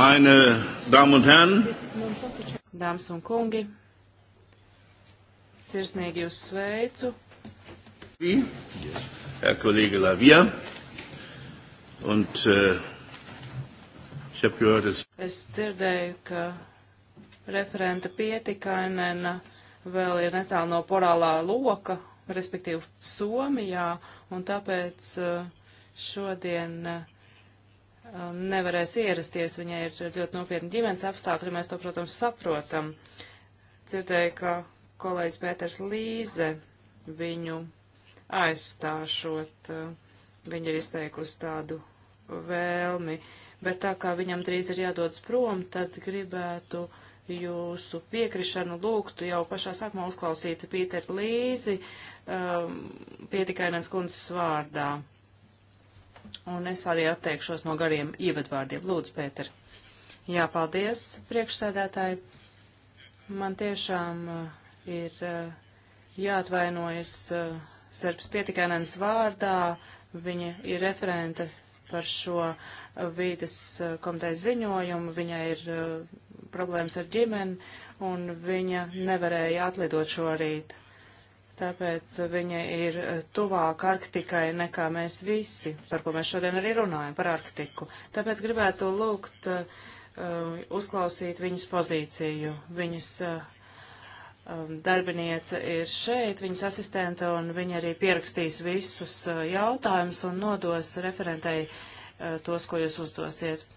Meine Damen un Herren, Dāmas un kungi, sirsnīgi jūs sveicu. Herr Kollege Lavia, und äh, ich habe gehört, dass... Es dzirdēju, ka referenta pietikainena vēl ir netālu no porālā loka, respektīvi Somijā, un tāpēc äh, šodien uh, nevarēs ierasties, viņai ir ļoti nopietni ģimenes apstākļi, mēs to, protams, saprotam. Dzirdēju, ka kolēģis Pēters Līze viņu aizstāšot, viņa ir izteikusi tādu vēlmi, bet tā kā viņam drīz ir jādodas prom, tad gribētu jūsu piekrišanu lūgtu jau pašā sākumā uzklausīt Pīteru Līzi um, pietikainens kundzes vārdā un es arī atteikšos no gariem ievadvārdiem. Lūdzu, Pēter. Jā, paldies, priekšsēdētāji. Man tiešām uh, ir uh, jāatvainojas uh, Serbs Pietikainens vārdā. Viņa ir referente par šo vīdes komitejas ziņojumu. Viņai ir problēmas ar ģimeni, un viņa nevarēja atlidot šorīt. Tāpēc viņa ir tuvāk Arktikai nekā mēs visi, par ko mēs šodien arī runājam, par Arktiku. Tāpēc gribētu lūgt uh, uzklausīt viņas pozīciju. Viņas uh, um, darbiniece ir šeit, viņas asistente, un viņa arī pierakstīs visus uh, jautājumus un nodos referentei uh, tos, ko jūs uzdosiet.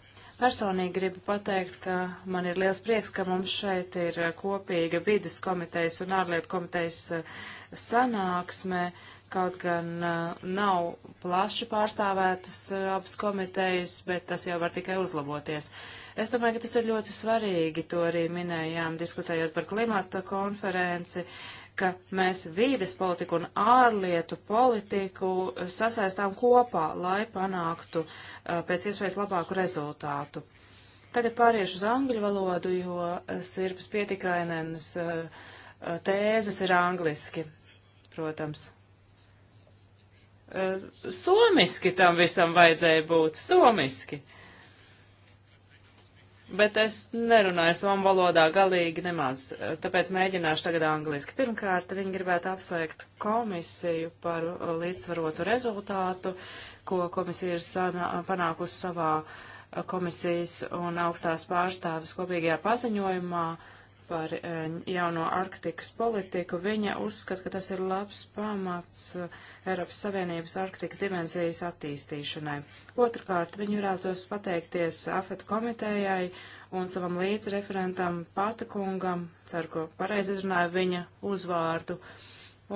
Personīgi gribu pateikt, ka man ir liels prieks, ka mums šeit ir eh, kopīga vidas komitejas un ārlietu komitejas eh, sanāksme, kaut gan eh, nav plaši pārstāvētas abas komitejas, bet tas jau var tikai uzlaboties. Es domāju, ka tas ir ļoti svarīgi, to arī minējām, diskutējot par klimata konferenci. Uh, ka mēs vīdes politiku un ārlietu politiku sasaistām kopā, lai panāktu uh, pēc iespējas labāku rezultātu. Tagad pāriešu uz angļu valodu, jo uh, Sirpas pietikainēnas uh, tēzes ir angliski, protams. Somiski tam visam vajadzēja būt, somiski. Uh, bet es nerunāju savam valodā galīgi nemaz, tāpēc mēģināšu tagad angliski. Pirmkārt, viņi gribētu apsveikt komisiju par uh, līdzsvarotu rezultātu, ko komisija ir sana, uh, panākusi savā uh, komisijas un augstās pārstāvis kopīgajā paziņojumā. Uh, par eh, jauno Arktikas politiku. Viņa uzskata, ka tas ir labs pamats eh, Eiropas Savienības Arktikas dimensijas attīstīšanai. Otrakārt, viņa varētos pateikties AFET komitējai un savam līdzreferentam Patakungam, ceru, ka pareizi izrunāju viņa uzvārdu,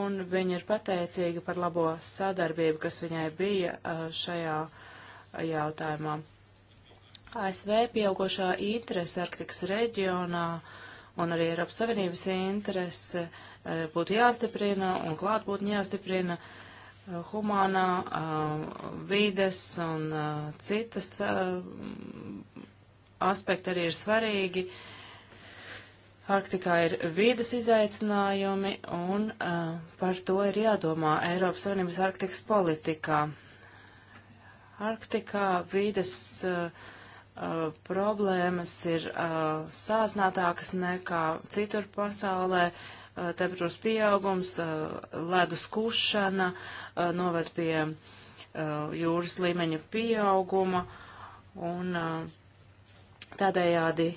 un viņa ir pateicīga par labo sadarbību, kas viņai bija eh, šajā jautājumā. ASV pieaugošā interese Arktikas reģionā uh, un arī Eiropas Savienības interese eh, būtu jāstiprina un klātbūtni jāstiprina eh, humānā, eh, vides un citas aspekti arī ir svarīgi. Arktikā ir vīdas izaicinājumi, un uh, par to ir jādomā Eiropas Savienības Arktikas politikā. Arktikā vīdas uh, Uh, problēmas ir uh, sāsnātākas nekā citur pasaulē. Uh, temperatūras pieaugums, uh, ledus kušana uh, noved pie uh, jūras līmeņa pieauguma un tādējādi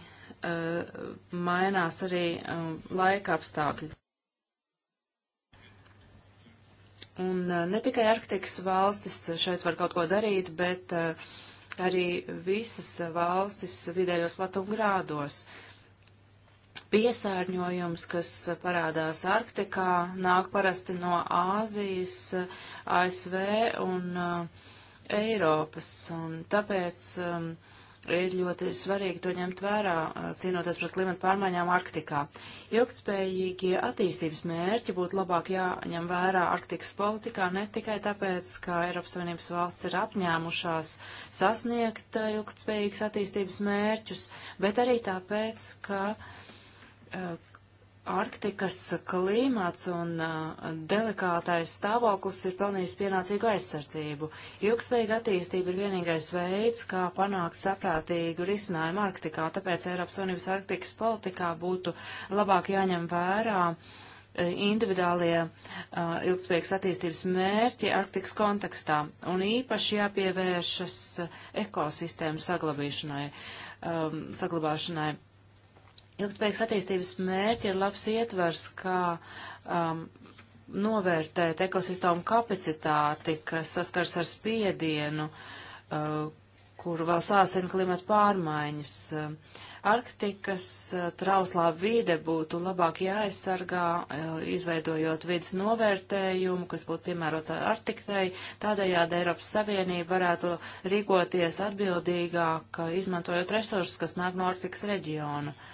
mainās arī laika apstākļi. Un ne tikai Arktikas valstis šeit var kaut ko darīt, bet uh, arī visas valstis vidējos platumgrādos. Piesārņojums, kas parādās Arktikā, nāk parasti no Āzijas, ASV un uh, Eiropas, un tāpēc um, uh, ir ļoti svarīgi to ņemt vērā, uh, cīnoties pret klimatu pārmaiņām Arktikā. Ilgtspējīgie attīstības mērķi būtu labāk jāņem vērā Arktikas politikā ne tikai tāpēc, ka Eiropas Savienības valsts ir apņēmušās sasniegt uh, ilgtspējīgas attīstības mērķus, bet arī tāpēc, ka uh, Arktikas klīmats un uh, delikātais stāvoklis ir pelnījis pienācīgu aizsardzību. Ilgspējīga attīstība ir vienīgais veids, kā panākt saprātīgu risinājumu Arktikā, tāpēc Eiropas Unības Arktikas politikā būtu labāk jāņem vērā uh, individuālie uh, ilgspējīgas attīstības mērķi Arktikas kontekstā un īpaši jāpievēršas uh, ekosistēmu saglabāšanai. Um, saglabāšanai Ilgspējīgas attīstības mērķi ir labs ietvers, kā um, novērtēt ekosistēmu kapacitāti, kas saskars ar spiedienu, uh, kuru vēl sāsina klimata pārmaiņas. Uh, Arktikas uh, trauslā vide būtu labāk jāaizsargā, uh, izveidojot vidas novērtējumu, kas būtu piemērots ar Arktikai. Tādējādi Eiropas Savienība varētu rīkoties atbildīgāk, uh, izmantojot resursus, kas nāk no Arktikas reģionu. Uh,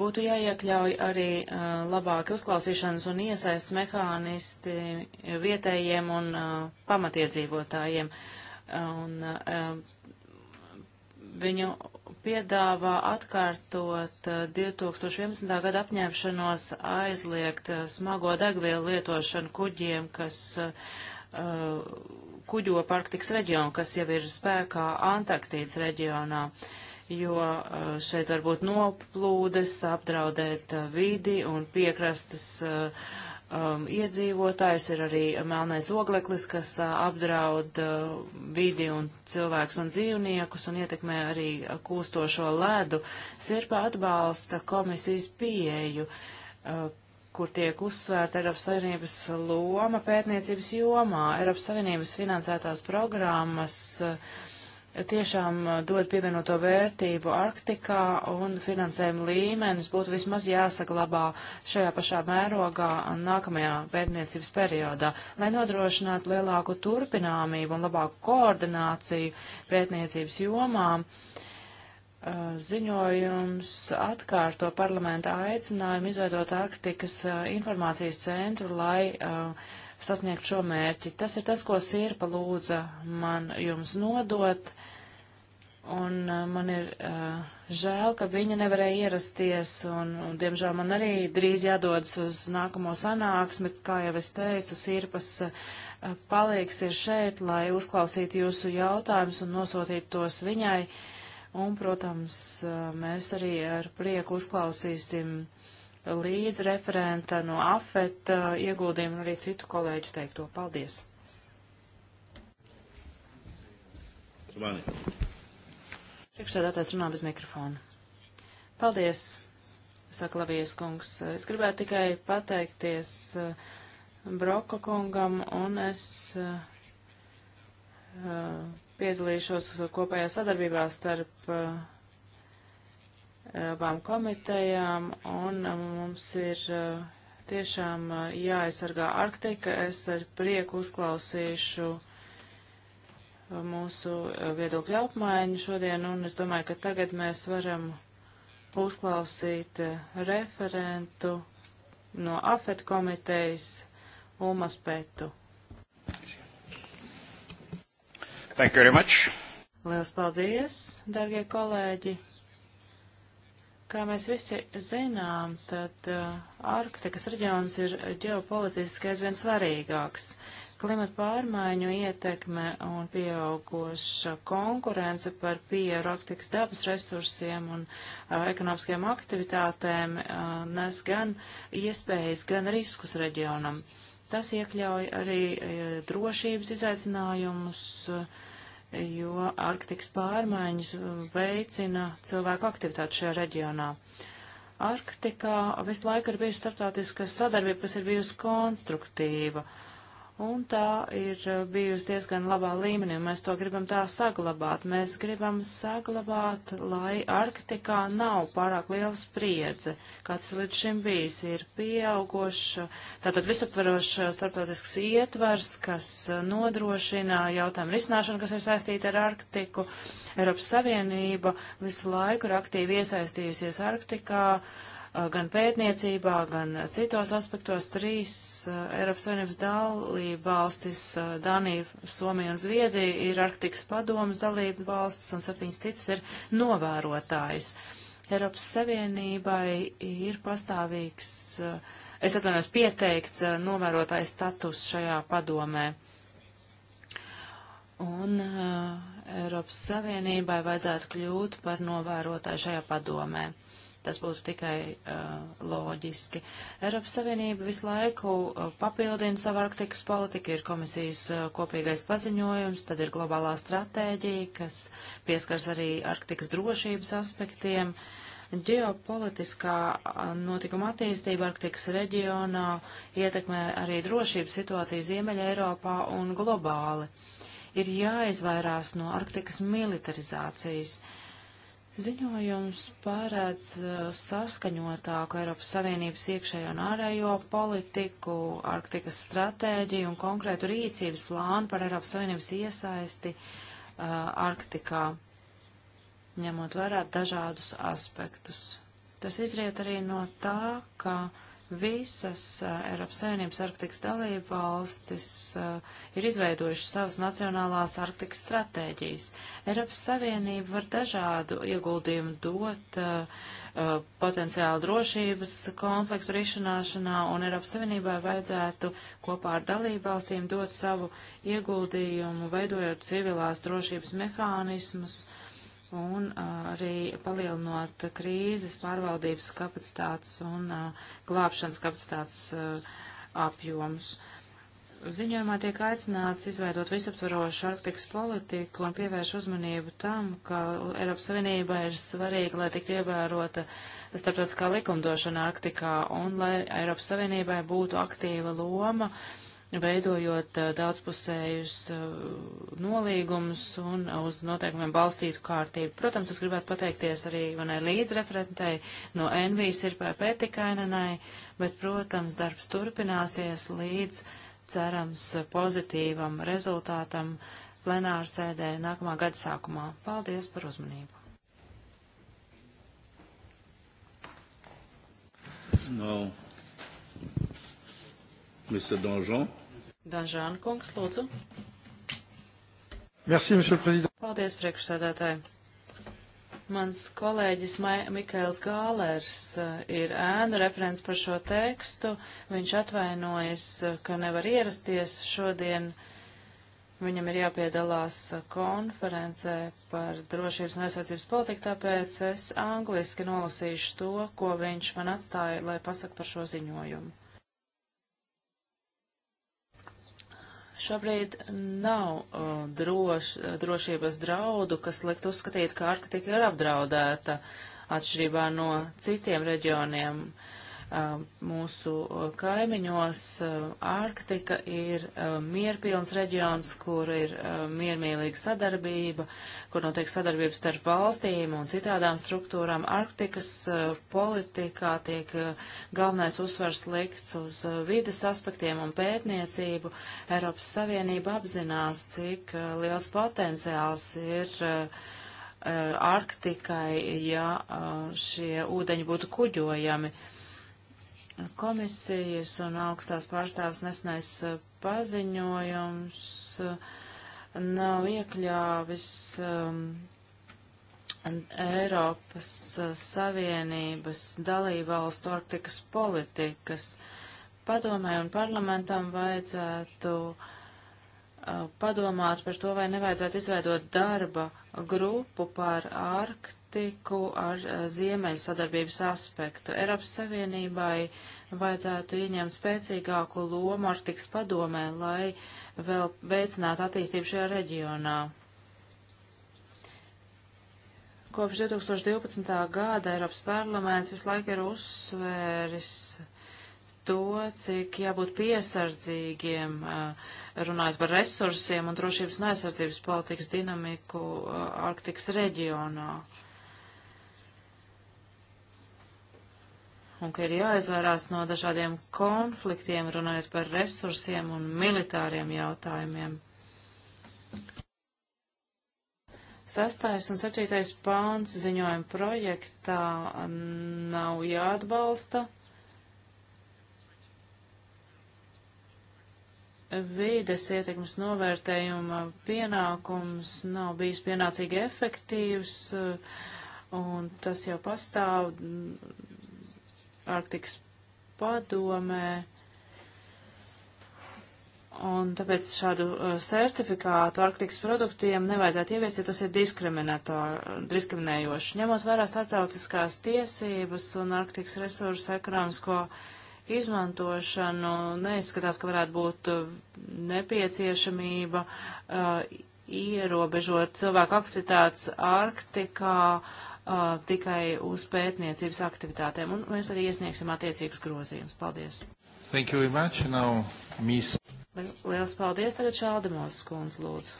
Būtu jāiekļauj arī uh, labāki uzklausīšanas un iesaists mehānisti vietējiem un uh, pamatiedzīvotājiem. Un, uh, viņu piedāvā atkārtot 2011. gada apņemšanos aizliegt smago degvielu lietošanu kuģiem, kas kuģo Arktikas reģionu, kas jau ir spēkā Antarktīdas reģionā. Uh, jo uh, šeit var būt noplūdes, apdraudēt uh, vidi un piekrastes uh, um, iedzīvotājs. Ir arī melnais ogleklis, kas apdraud vidi un cilvēkus un dzīvniekus un ietekmē arī kūstošo ledu. Sirpa atbalsta komisijas pieeju kur tiek uzsvērta Eiropas Savienības loma pētniecības jomā. Eiropas Savienības finansētās programmas uh, tiešām eh, dod pievienoto vērtību Arktikā un finansējuma līmenis būtu vismaz jāsaglabā šajā pašā mērogā nākamajā pētniecības periodā, lai nodrošinātu lielāku turpināmību un labāku koordināciju pētniecības jomām. Eh, ziņojums atkārto parlamenta aicinājumu izveidot Arktikas eh, informācijas centru, lai uh, sasniegt šo mērķi. Tas ir tas, ko Sirpa lūdza man jums nodot, un uh, man ir uh, žēl, ka viņa nevarēja ierasties, un, un diemžēl man arī drīz jādodas uz nākamo sanāksmi, kā jau es teicu, Sirpas uh, palīgs ir šeit, lai uzklausītu jūsu jautājumus un nosūtītu tos viņai. Un, protams, uh, mēs arī ar prieku uzklausīsim līdzreferenta no AFET uh, ieguldījumu un arī citu kolēģu teikto. Paldies! Priekšstādātājs runā bez mikrofona. Paldies, saka Lavijas kungs. Es gribētu tikai pateikties uh, Broka kungam un es uh, uh piedalīšos kopējā sadarbībā starp uh, abām komitejām, un um, mums ir uh, tiešām uh, jāaizsargā Arktika. Es ar prieku uzklausīšu uh, mūsu viedokļu apmaiņu šodien, un es domāju, ka tagad mēs varam uzklausīt referentu no AFET komitejas Umas Petu. Thank you very much. Lielas paldies, darbie kolēģi! Kā mēs visi zinām, tad uh, Arktikas reģions ir ģeopolitiski aizvien svarīgāks. Klimata pārmaiņu ietekme un pieauguša konkurence par pieeju Arktikas dabas resursiem un uh, ekonomiskajām aktivitātēm uh, nes gan iespējas, gan riskus reģionam. Tas iekļauj arī uh, drošības izaicinājumus, uh, jo Arktikas pārmaiņas veicina cilvēku aktivitāti šajā reģionā. Arktikā visu laiku ir bijusi starptautiska sadarbība, kas ir bijusi konstruktīva. Uh, un tā ir eh, bijusi diezgan labā līmenī, un mēs to gribam tā saglabāt. Mēs gribam saglabāt, lai Arktikā nav pārāk liela spriedze, kāds līdz šim bijis, ir pieaugoša, tātad visaptveroša starptautisks ietvers, kas eh, nodrošina jautājumu risināšanu, kas ir saistīta ar Arktiku. Eiropas Savienība visu laiku ir aktīvi iesaistījusies Arktikā Eh, gan pētniecībā, gan citos aspektos trīs eh, Eiropas Savienības dalība valstis eh, - Danija, Somija un Zviedija - ir Arktikas padomas dalība valstis, un septiņas citas ir novērotājs. Eiropas Savienībai ir pastāvīgs, es atvainojos, pieteikts novērotājs status šajā padomē. Un uh, Eiropas Savienībai vajadzētu kļūt par novērotāju šajā padomē. Tas būtu tikai uh, loģiski. Eiropas Savienība visu laiku uh, papildina savu Arktikas politiku, ir komisijas uh, kopīgais paziņojums, tad ir globālā stratēģija, kas pieskars arī Arktikas drošības aspektiem. Ģeopolitiskā notikuma attīstība Arktikas reģionā ietekmē arī drošības situāciju Ziemeļa Eiropā un globāli. Ir jāizvairās no Arktikas militarizācijas. Uh, Ziņojums pārēdz uh, saskaņotāku Eiropas Savienības iekšējo un ārējo politiku, Arktikas stratēģiju un konkrētu rīcības plānu par Eiropas Savienības iesaisti uh, Arktikā, ņemot vērā dažādus aspektus. Tas izriet arī no tā, ka uh, Visas Eiropas Savienības Arktikas dalība valstis ir izveidojušas savas nacionālās Arktikas stratēģijas. Eiropas Savienība var dažādu ieguldījumu dot potenciāli drošības konfliktu risināšanā, un Eiropas Savienībai vajadzētu kopā ar dalību valstīm dot savu ieguldījumu, veidojot civilās drošības mehānismus. Uh, un arī palielinot krīzes pārvaldības kapacitātes un glābšanas kapacitātes apjomus. Ziņojumā tiek aicināts izveidot visaptvarošu Arktikas politiku un pievērš uzmanību tam, ka Eiropas Savienībai ir svarīgi, lai tiktu ievērota starptautiskā likumdošana Arktikā un lai Eiropas Savienībai būtu aktīva loma uh, veidojot daudzpusējus nolīgumus un uz noteikumiem balstītu kārtību. Protams, es gribētu pateikties arī manai līdzreferentei no NV Sirpē Pētikainenai, bet, protams, darbs turpināsies līdz cerams pozitīvam rezultātam plenārsēdē nākamā gada sākumā. Paldies par uzmanību! No. Mr. Donjon. Danžāna kungs, lūdzu. Merci, monsieur le président. Paldies, priekšsēdētāji. Mans kolēģis Mikēls Gālērs eh, ir ēnu referents par šo tekstu. Viņš atvainojas, eh, ka nevar ierasties šodien. Viņam ir jāpiedalās eh, konferencē par drošības un aizsardzības politiku, tāpēc es angliski nolasīšu to, ko viņš man atstāja, lai pasaka par šo ziņojumu. šobrīd nav uh, droš, drošības draudu, kas likt uzskatīt, ka Arktika ir apdraudēta atšķirībā no citiem reģioniem. Uh, Um, mūsu uh, kaimiņos Ārktika uh, ir uh, mierpilns reģions, kur ir miermīlīga sadarbība, kur notiek sadarbības starp valstīm un citādām struktūrām. Ārktikas politikā tiek galvenais uzsvars likts uz vides aspektiem un pētniecību. Eiropas Savienība apzinās, cik liels potenciāls ir Arktikai, ja šie ūdeņi būtu kuģojami. Uh, Komisijas un augstās pārstāvs nesnais eh, paziņojums eh, nav iekļāvis um, Eiropas eh, Savienības dalībvalstu arktikas politikas. Padomē un parlamentam vajadzētu uh, padomāt par to, vai nevajadzētu izveidot darba grupu par Arktiku politiku ar eh, ziemeļu sadarbības aspektu. Eiropas Savienībai vajadzētu ieņemt spēcīgāku lomu Arktikas padomē, lai vēl veicinātu attīstību šajā reģionā. Kopš 2012. gada Eiropas parlaments visu laiku ir uzsvēris to, cik jābūt piesardzīgiem, eh, runājot par resursiem un drošības un aizsardzības politikas dinamiku eh, Arktikas reģionā. un ka ir jāizvairās no dažādiem konfliktiem, runājot par resursiem un militāriem jautājumiem. Sastais un septītais pāns ziņojuma projektā nav jāatbalsta. Vīdes ietekmes novērtējuma pienākums nav bijis pienācīgi efektīvs, un tas jau pastāv Arktikas padomē. Un tāpēc šādu uh, certifikātu Arktikas produktiem nevajadzētu ieviest, jo tas ir diskriminējoši. Ņemot vērā starptautiskās tiesības un Arktikas resursu ekonomisko izmantošanu, neizskatās, ka varētu būt uh, nepieciešamība uh, ierobežot cilvēku aktivitātes Arktikā. Uh, uh, tikai uz pētniecības aktivitātēm, un mēs arī iesniegsim attiecīgus grozījumus. Paldies! Thank you very much. Now, miss. Liels paldies, tagad Šaldemos kundz lūdzu.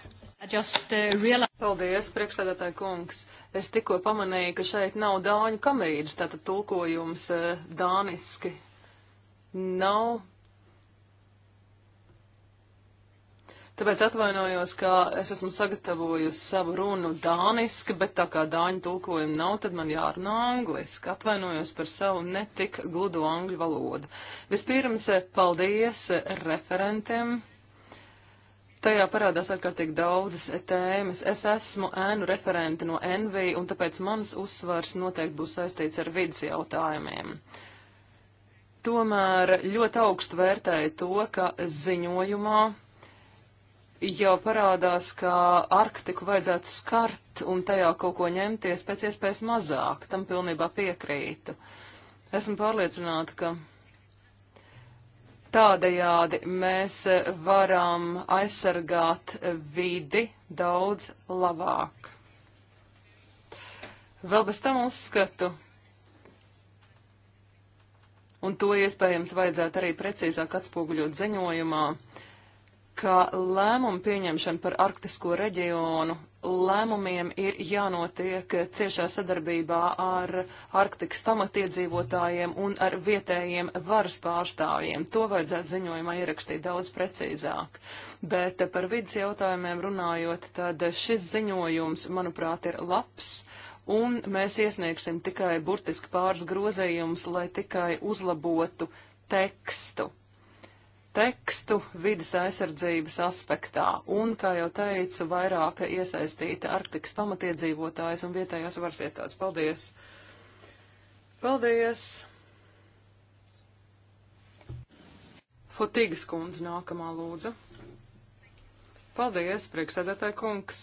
Just, uh, realize... Paldies, priekšsēdētāji kungs. Es tikko pamanīju, ka šeit nav dāņu kamīdas, tātad tulkojums uh, dāniski nav Tāpēc atvainojos, ka es esmu sagatavojusi savu runu dāniski, bet tā kā dāņu tulkojumu nav, tad man jārunā angliski. Atvainojos par savu netik gludu angļu valodu. Vispirms, paldies referentiem. Tajā parādās ārkārtīgi daudzas tēmas. Es esmu ēnu referente no NV, un tāpēc mans uzsvars noteikti būs saistīts ar vidas jautājumiem tomēr ļoti augstu vērtēju to, ka ziņojumā jau parādās, ka Arktiku vajadzētu skart un tajā kaut ko ņemties pēc iespējas mazāk. Tam pilnībā piekrītu. Esmu pārliecināta, ka tādējādi mēs varam aizsargāt vidi daudz labāk. Vēl bez tam uzskatu, un to iespējams vajadzētu arī precīzāk atspoguļot ziņojumā, ka lēmumu pieņemšana par arktisko reģionu lēmumiem ir jānotiek ciešā sadarbībā ar Arktikas pamatiedzīvotājiem un ar vietējiem varas pārstāvjiem. To vajadzētu ziņojumā ierakstīt daudz precīzāk. Bet par vidas jautājumiem runājot, tad šis ziņojums, manuprāt, ir labs un mēs iesniegsim tikai burtiski pāris grozējumus, lai tikai uzlabotu tekstu tekstu vidas aizsardzības aspektā un, kā jau teicu, vairāk iesaistīta Arktikas pamatiedzīvotājs un vietējās varas iestādes. Paldies! Paldies! Fotīgas kundze nākamā lūdzu. Paldies, priekšsēdētāji kungs!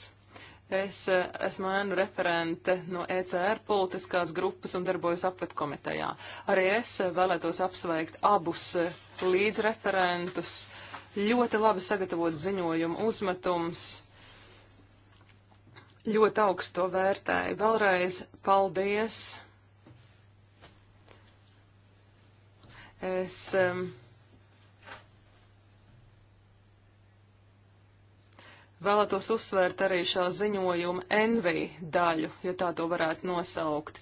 Es eh, esmu ēnu referente no ECR politiskās grupas un darbojos apvedkomitejā. Arī es eh, vēlētos apsveikt abus eh, līdzreferentus. Ļoti labi sagatavot ziņojumu uzmetums. Ļoti augstu vērtēju. Vēlreiz paldies. Es um, Vēlētos uzsvērt arī šā ziņojuma envī daļu, ja tā to varētu nosaukt.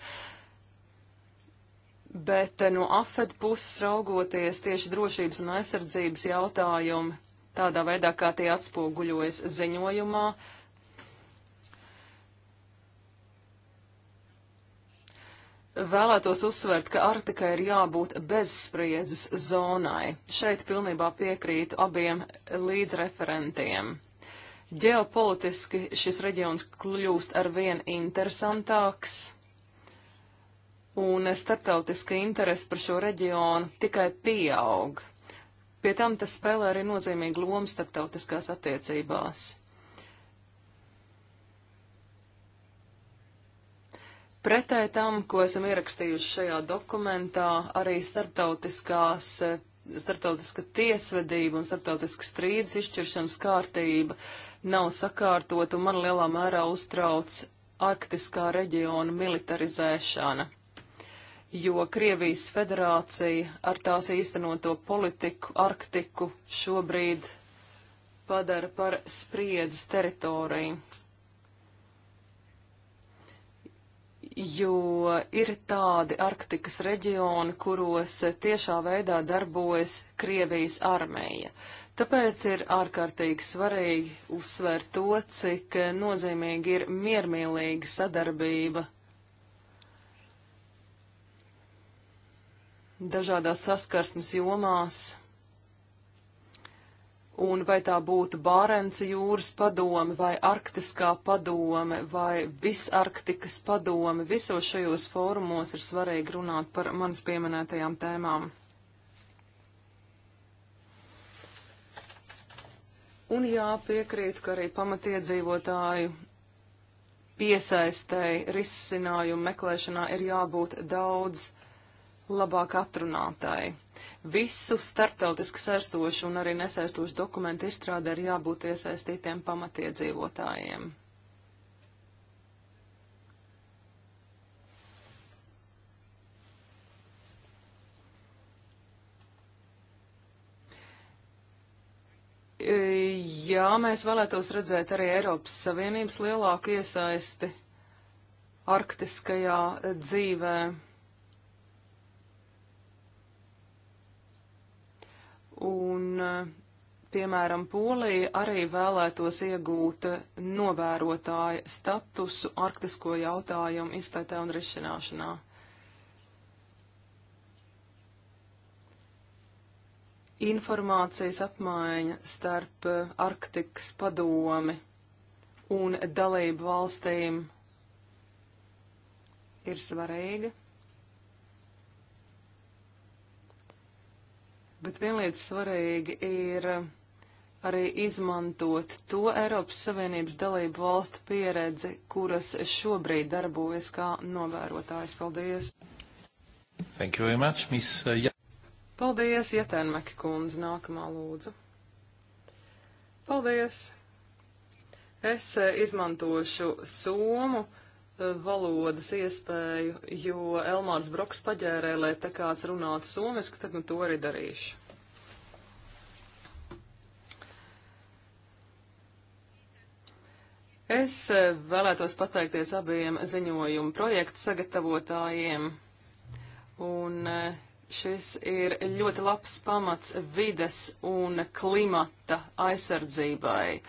Bet eh, no afed puses raugoties tieši drošības un aizsardzības jautājumi, tādā veidā, kā tie atspoguļojas ziņojumā, vēlētos uzsvērt, ka Arktika ir jābūt bezspriedzes zonai. Šeit pilnībā piekrītu abiem līdzreferentiem. Ģeopolitiski šis reģions kļūst ar vien interesantāks, un starptautiska interese par šo reģionu tikai pieaug. Pie tam tas spēlē arī nozīmīgu lomu starptautiskās attiecībās. Pretēji tam, ko esam ierakstījuši šajā dokumentā, arī starptautiskās starptautiska tiesvedība un starptautiska strīdus izšķiršanas kārtība uh, nav sakārtot, un man lielā mērā uztrauc arktiskā reģiona militarizēšana, jo Krievijas federācija ar tās īstenoto politiku Arktiku šobrīd padara par spriedzes teritoriju. Jo ir tādi Arktikas reģioni, kuros tiešā veidā darbojas Krievijas armija. Tāpēc ir ārkārtīgi svarīgi uzsvērt to, cik nozīmīgi ir miermīlīga sadarbība dažādās saskarsmes jomās, un vai tā būtu Bārenca jūras padome, vai Arktiskā padome, vai Visarktikas padome, visos šajos fórumos ir svarīgi runāt par manas pieminētajām tēmām. Un jāpiekrīt, ka arī pamatiedzīvotāju piesaistēji risinājumu meklēšanā ir jābūt daudz labāk atrunātai. Visu starptautiski saistošu un arī nesaistošu dokumentu izstrādē ir jābūt iesaistītiem pamatiedzīvotājiem. E, jā, mēs vēlētos redzēt arī Eiropas Savienības lielāku iesaisti arktiskajā e, dzīvē. Un, e, piemēram, Polija arī vēlētos iegūt novērotāja statusu arktisko jautājumu izpētē un risināšanā. informācijas apmaiņa starp eh, Arktikas padomi un dalību valstīm ir svarīga. Bet vienlīdz svarīgi ir arī izmantot to Eiropas Savienības dalību valstu pieredzi, kuras šobrīd darbojas kā novērotājs. Paldies! Thank you very much, Miss. Uh, Paldies, Jetenmeki kundze, nākamā lūdzu. Paldies! Es e, izmantošu somu e, valodas iespēju, jo Elmārs Broks paģērē, lai te kāds runātu somiski, tad nu to arī darīšu. Es e, vēlētos pateikties abiem ziņojumu projektu sagatavotājiem, un eh, Šis ir ļoti labs pamats vides un klimata aizsardzībai,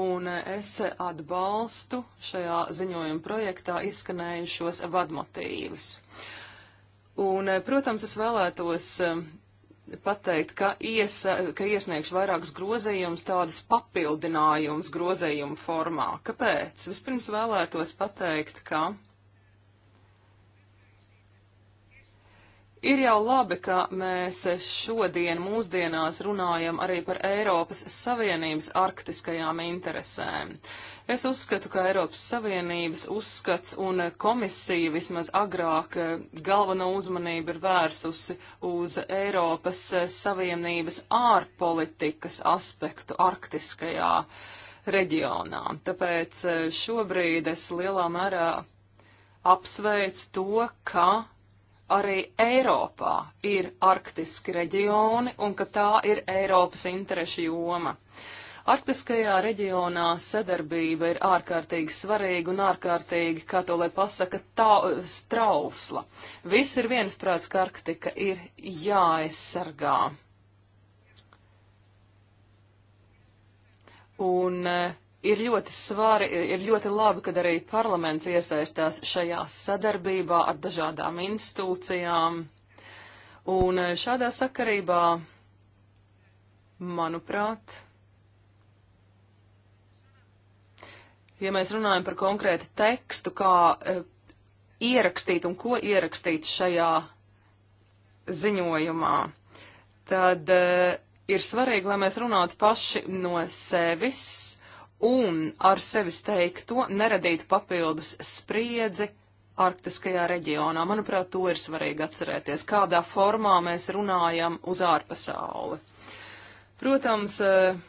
un es atbalstu šajā ziņojuma projektā izskanējušos vadmotīvus. Un, protams, es vēlētos um, pateikt, ka, ies, ka iesniegšu vairākus grozījumus, tādus papildinājumus grozījumu formā. Kāpēc? Vispirms vēlētos pateikt, ka Ir jau labi, ka mēs šodien mūsdienās runājam arī par Eiropas Savienības arktiskajām interesēm. Es uzskatu, ka Eiropas Savienības uzskats un komisija vismaz agrāk eh, galveno uzmanību ir vērsusi uz Eiropas eh, Savienības ārpolitikas aspektu arktiskajā reģionā. Tāpēc eh, šobrīd es lielā mērā apsveicu to, ka arī Eiropā ir arktiski reģioni un ka tā ir Eiropas interešu joma. Arktiskajā reģionā sadarbība ir ārkārtīgi svarīga un ārkārtīgi, kā to lai pasaka, tā, strausla. Viss ir viensprāts, ka Arktika ir jāaizsargā. Un eh, ir ļoti svari, ir ļoti labi, kad arī parlaments iesaistās šajā sadarbībā ar dažādām institūcijām. Un eh, šādā sakarībā, manuprāt, ja mēs runājam par konkrētu tekstu, kā e, ierakstīt un ko ierakstīt šajā ziņojumā, tad e, ir svarīgi, lai mēs runātu paši no sevis un ar sevis teikto neradīt papildus spriedzi arktiskajā reģionā. Manuprāt, to ir svarīgi atcerēties, kādā formā mēs runājam uz ārpasauli. Protams, eh,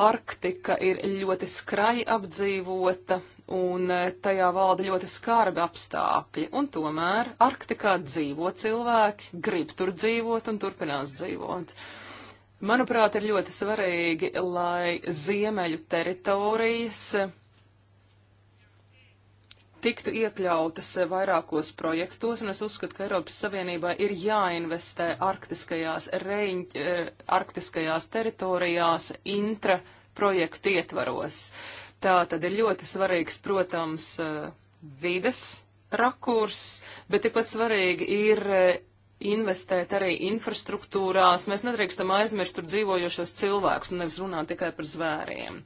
Arktika ir ļoti skrai apdzīvota un eh, tajā valda ļoti skarbi apstākļi, un tomēr Arktikā dzīvo cilvēki, grib tur dzīvot un turpinās dzīvot. Uh, Manuprāt, ir ļoti svarīgi, lai ziemeļu teritorijas tiktu iekļautas vairākos projektos, un es uzskatu, ka Eiropas Savienībā ir jāinvestē arktiskajās, reņ, eh, arktiskajās teritorijās intra projektu ietvaros. Tā tad ir ļoti svarīgs, protams, eh, vides rakurs, bet tikpat svarīgi ir eh, investēt arī infrastruktūrās. Mēs nedrīkstam aizmirst tur dzīvojošos cilvēkus un nevis runāt tikai par zvēriem.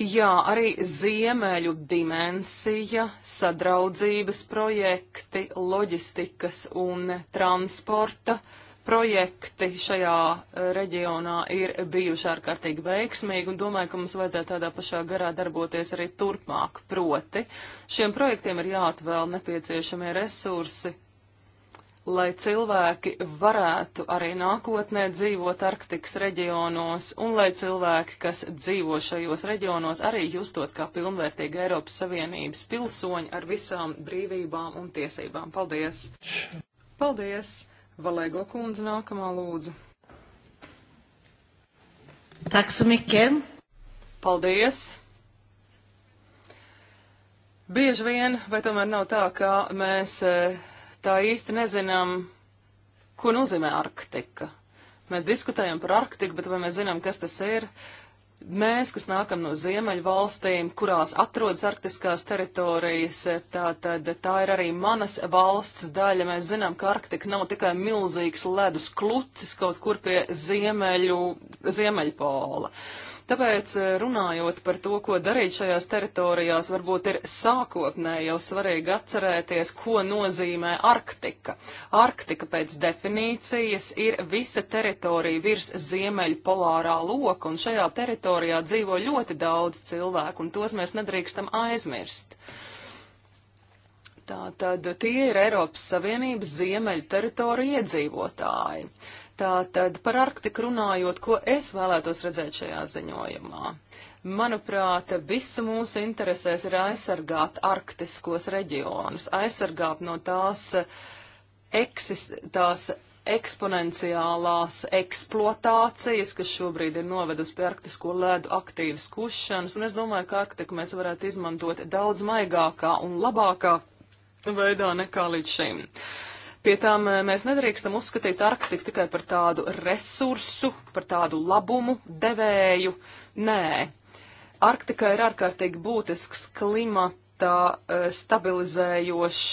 Jā, arī ziemeļu dimensija, sadraudzības projekti, loģistikas un transporta projekti šajā e, reģionā ir bijuši ārkārtīgi veiksmīgi un domāju, ka mums vajadzētu tādā pašā garā darboties arī turpmāk. Proti, šiem projektiem ir jāatvēl nepieciešamie resursi lai cilvēki varētu arī nākotnē dzīvot Arktikas reģionos un lai cilvēki, kas dzīvo šajos reģionos, arī justos kā pilnvērtīgi Eiropas Savienības pilsoņi ar visām brīvībām un tiesībām. Paldies! Paldies! Valēgo kundze nākamā lūdzu. Taksamikiem! Paldies! Bieži vien, vai tomēr nav tā, ka mēs eh, tā īsti nezinām, ko nozīmē Arktika. Mēs diskutējam par Arktiku, bet vai mēs zinām, kas tas ir? Mēs, kas nākam no ziemeļu valstīm, kurās atrodas arktiskās teritorijas, tā, tad, tā ir arī manas valsts daļa. Mēs zinām, ka Arktika nav tikai milzīgs ledus klucis kaut kur pie ziemeļu, ziemeļpola. Uh, Tāpēc, eh, runājot par to, ko darīt šajās teritorijās, varbūt ir sākotnēji jau svarīgi atcerēties, ko nozīmē Arktika. Arktika pēc definīcijas ir visa teritorija virs ziemeļu polārā loka, un šajā teritorijā dzīvo ļoti daudz cilvēku, un tos mēs nedrīkstam aizmirst. Tātad tie ir Eiropas Savienības ziemeļu teritoriju iedzīvotāji. Tātad par Arktiku runājot, ko es vēlētos redzēt šajā ziņojumā. Manuprāt, visu mūsu interesēs ir aizsargāt arktiskos reģionus, aizsargāt no tās, eh, eksist, tās eksponenciālās eksploatācijas, kas šobrīd ir novedusi pie arktisko ledu aktīvas kušanas, un es domāju, ka Arktiku mēs varētu izmantot daudz maigākā un labākā veidā nekā līdz šim. Uh, Pie tām eh, mēs nedrīkstam uzskatīt Arktiku tikai par tādu resursu, par tādu labumu devēju. Nē, Arktika ir ārkārtīgi būtisks klimata eh, stabilizējošs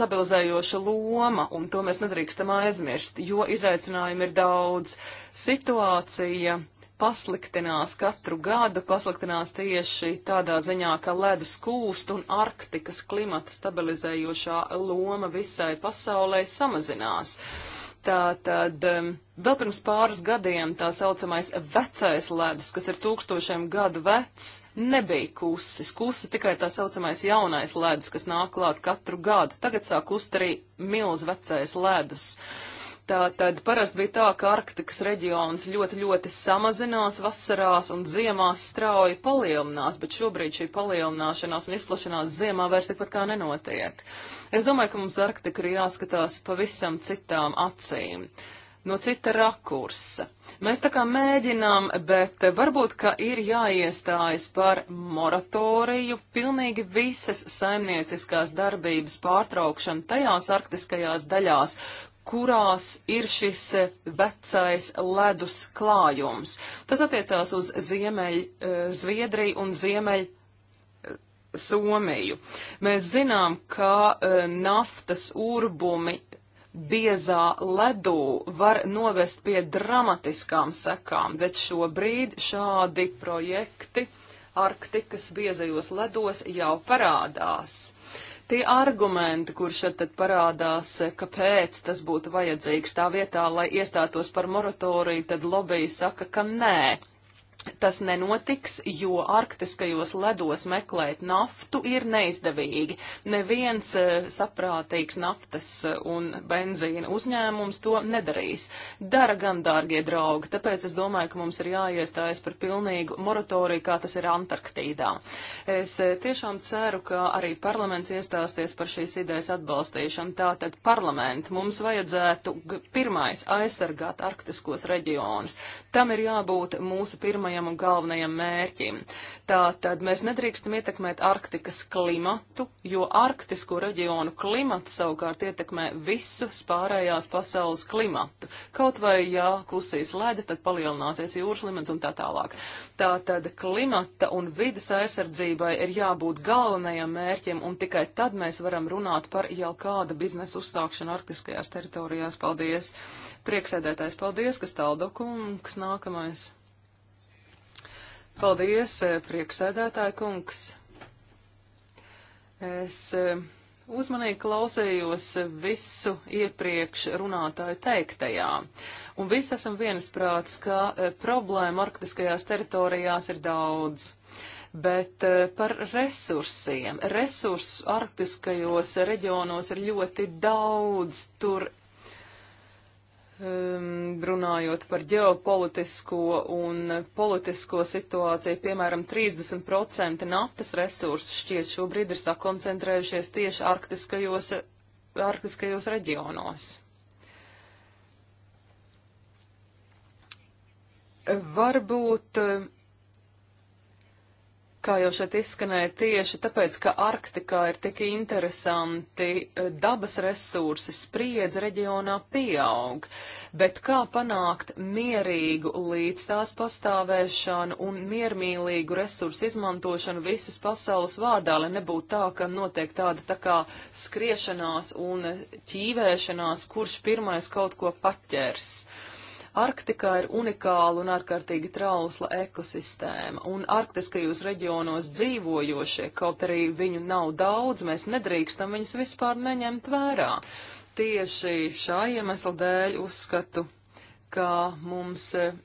stabilizējoša loma, un to mēs nedrīkstam aizmirst, jo izaicinājumi ir daudz. Situācija pasliktinās katru gadu, pasliktinās tieši tādā ziņā, ka ledus kūst un Arktikas klimata stabilizējošā loma visai pasaulē samazinās. Tātad um, vēl pirms pāris gadiem tā saucamais vecais ledus, kas ir tūkstošiem gadu vecs, nebija kusis. Kusa tikai tā saucamais jaunais ledus, kas nāk klāt katru gadu. Tagad sāk kust arī milz vecais ledus. Uh, Tā tad parasti bija tā, ka Arktikas reģions ļoti, ļoti samazinās vasarās un ziemās strauji palielinās, bet šobrīd šī palielināšanās un izplašanās ziemā vairs tikpat kā nenotiek. Es domāju, ka mums Arktika ir jāskatās pavisam citām acīm no cita rakursa. Mēs tā kā mēģinām, bet varbūt, ka ir jāiestājas par moratoriju pilnīgi visas saimnieciskās darbības pārtraukšanu tajās arktiskajās daļās, kurās ir šis e, vecais ledus klājums. Tas attiecās uz Ziemeļ e, Zviedriju un Ziemeļ e, Somiju. Mēs zinām, ka naftas urbumi biezā ledū var novest pie dramatiskām sekām, bet šobrīd šādi projekti Arktikas biezajos ledos jau parādās. Tie argumenti, kur šeit tad parādās, kāpēc tas būtu vajadzīgs tā vietā, lai iestātos par moratoriju, tad lobby saka, ka nē. Tas nenotiks, jo arktiskajos ledos meklēt naftu ir neizdevīgi. Neviens uh, saprātīgs naftas eh, un benzīna uzņēmums to nedarīs. Dara gan, dārgie draugi, tāpēc es domāju, ka mums ir jāiestājas par pilnīgu moratoriju, kā tas ir Antarktīdā. Es uh, tiešām ceru, ka arī parlaments iestāsties par šīs idejas atbalstīšanu. Tātad parlamentu mums vajadzētu pirmais aizsargāt arktiskos reģionus. Tam ir jābūt mūsu pirmā pirmajam un galvenajam mērķim. Tātad mēs nedrīkstam ietekmēt Arktikas klimatu, jo Arktisko reģionu klimats savukārt ietekmē visus pārējās pasaules klimatu. Kaut vai, ja klusīs leda, tad palielināsies jūras līmenis un tā tālāk. Tātad klimata un vidas aizsardzībai ir jābūt galvenajam mērķim, un tikai tad mēs varam runāt par jau kāda biznesa uzsākšanu arktiskajās teritorijās. Paldies! Prieksēdētājs, paldies, kas tāldokungs nākamais. Paldies, eh, prieksēdētāja kungs. Es eh, uzmanīgi klausējos visu iepriekš runātāju teiktajā. Un visi esam viensprāts, ka eh, problēma arktiskajās teritorijās ir daudz. Bet par resursiem. Resursu arktiskajos reģionos ir ļoti daudz. Tur um, runājot par ģeopolitisko un politisko situāciju, piemēram, 30% naftas resursu šķiet šobrīd ir sakoncentrējušies tieši arktiskajos, arktiskajos reģionos. Varbūt kā jau šeit izskanēja, tieši tāpēc, ka Arktikā ir tik interesanti e, dabas resursi, spriedze reģionā pieaug. Bet kā panākt mierīgu līdz tās pastāvēšanu un miermīlīgu resursu izmantošanu visas pasaules vārdā, lai nebūtu tā, ka notiek tāda tā kā skriešanās un ķīvēšanās, kurš pirmais kaut ko paķers? Uh, Arktikā ir unikāla un ārkārtīgi trausla ekosistēma, un arktiskajos reģionos dzīvojošie, kaut arī viņu nav daudz, mēs nedrīkstam viņus vispār neņemt vērā. Tieši šā iemesla dēļ uzskatu, ka mums eh,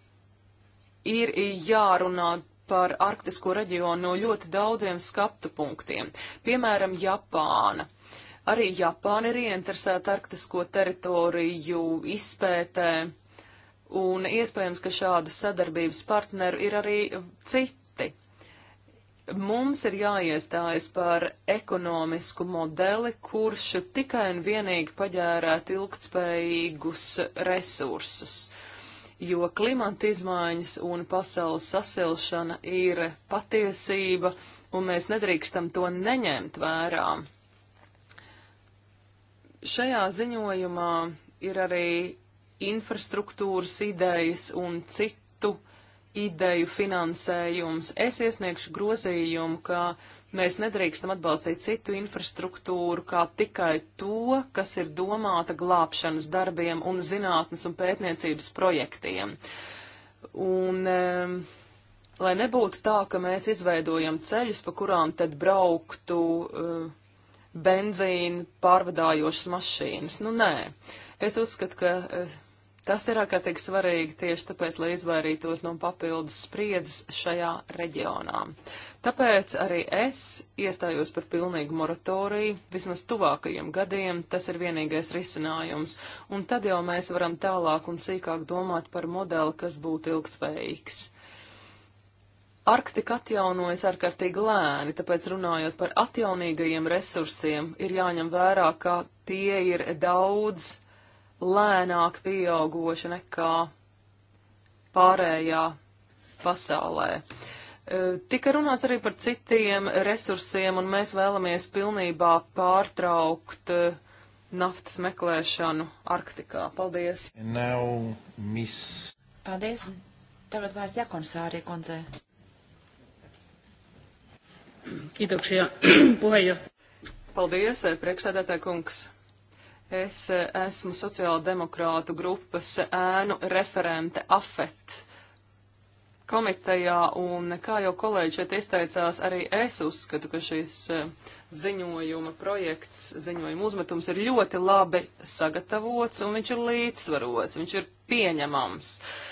ir jārunā par arktisko reģionu no ļoti daudziem skatu punktiem. Piemēram, Japāna arī Japāna ir ieinteresēta arktisko teritoriju izpētē un iespējams, ka šādu sadarbības partneru ir arī citi. Mums ir jāiestājas par ekonomisku modeli, kurš tikai un vienīgi paģērētu ilgtspējīgus resursus, jo klimata izmaiņas un pasaules sasilšana ir patiesība, un mēs nedrīkstam to neņemt vērā. Šajā ziņojumā ir arī infrastruktūras idejas un citu ideju finansējums. Es iesniegšu grozījumu, ka mēs nedrīkstam atbalstīt citu infrastruktūru kā tikai to, kas ir domāta glābšanas darbiem un zinātnes un pētniecības projektiem. Un, um, lai nebūtu tā, ka mēs izveidojam ceļus, pa kurām tad brauktu uh, eh, benzīnu pārvadājošas mašīnas. Nu, nē. Es uzskatu, ka uh, Tas ir ārkārtīgi svarīgi tieši tāpēc, lai izvairītos no papildus spriedzes šajā reģionā. Tāpēc arī es iestājos par pilnīgu moratoriju vismaz tuvākajiem gadiem, tas ir vienīgais risinājums, un tad jau mēs varam tālāk un sīkāk domāt par modeli, kas būtu ilgspējīgs. Arktika atjaunojas ārkārtīgi lēni, tāpēc runājot par atjaunīgajiem resursiem, ir jāņem vērā, ka tie ir daudz lēnāk pieaugoša nekā pārējā pasaulē. E, tika runāts arī par citiem resursiem, un mēs vēlamies pilnībā pārtraukt e, naftas meklēšanu Arktikā. Paldies! Nav mis. Paldies! Tagad vārds Jakonsārie kundzē. Kiitoksia, puheenjohtaja. Paldies, e, priekšsēdētāj kungs. Es eh, esmu sociāldemokrātu grupas ēnu referente AFET komitejā, un kā jau kolēģi šeit izteicās, arī es uzskatu, ka šis eh, ziņojuma projekts, ziņojuma uzmetums ir ļoti labi sagatavots, un viņš ir līdzsvarots, viņš ir pieņemams. Uh,